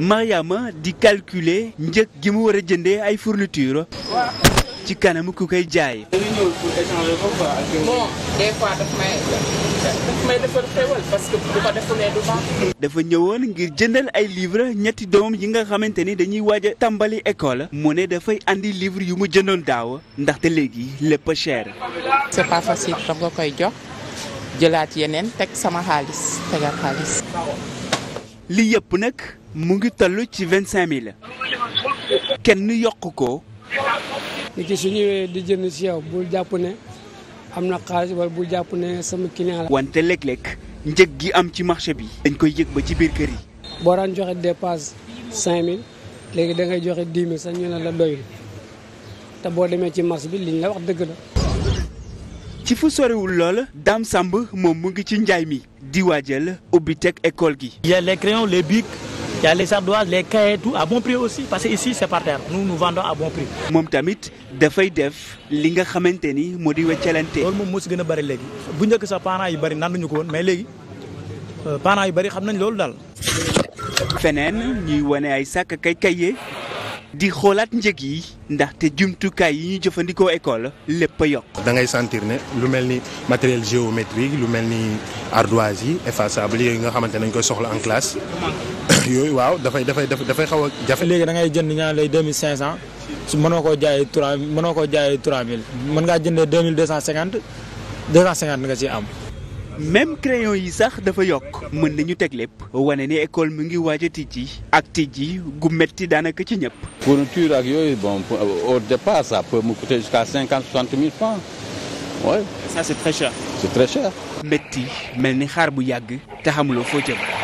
Mariama di calculer njëg gi mu war a jëndee ay fourniture ci kanam ku koy jaay. dafa ñëwoon ngir jëndal ay livre ñetti doom yi nga xamante ni dañuy waaj a tàmbali école mu ne dafay indi livre yu mu jëndoon daaw ndaxte léegi lépp cher. c'est pas facile tam nga koy jox jëlaat yeneen teg sama xaalis tegaat xaalis. li yëpp nag mu ngi toll ci vingt cinq mille kenn yokk ko. nit ki su ñëwee di jënd si bu jàpp ne am na xaalis wala bul jàpp ne sama client la. wante léeg-léeg njëg gi am ci marché bi. dañ koy yëg ba ci biir kër yi. boo daan joxe dépasse cinq léegi da ngay joxe dix mille sax ñu la doyul te boo demee ci marché bi liñ la wax dëgg la. ci fu sorewul lool Dame sàmb moom mu ngi ci njaay mi. di waajal ubbi teg école gi. il y a les crayons les bics il y a les ardoises les cahiers tout à bon prix aussi parce que ici c'est par terre nous nous à bon prix. moom tamit dafay def li nga xamante ni moo di weccalante. loolu moom moo si gën a bari léegi bu njëkk sa parents yu bari naan nañu ko woon mais léegi euh, parent yu bari xam nañ loolu daal. feneen ñuy wane ay sàkk kay kaye di xoolaat njëg yi ndaxte jumtukaay yi ñu jëfandikoo école lépp a yokk. da ngay sentir ne lu mel ni matériel géométrique lu mel ni ardoise yi effaçable yooyu nga xamante nañ koy soxla en classe yooyu waaw dafay dafay dafay xaw a jafe. léegi da ngay jënd ñaan lay deux mille cinq cent su mënoo koo jaayee trois mënoo koo jaayee trois mille mën ngaa jëndee deux mille deux cent cinquante deux cent nga ciy am. même crayon yi sax dafa yokk mën nañu teg lépp wane ni école mu ngi waaj a tijji ak tijji gu metti daanaka ci ñëpp. fourniture ak yooyu bon au départ ça peut me coûter jusqu'à cinquante soixante mille francs ouais. ça c'est très metti mel ni xaar bu yàgg te xamuloo foo jëm.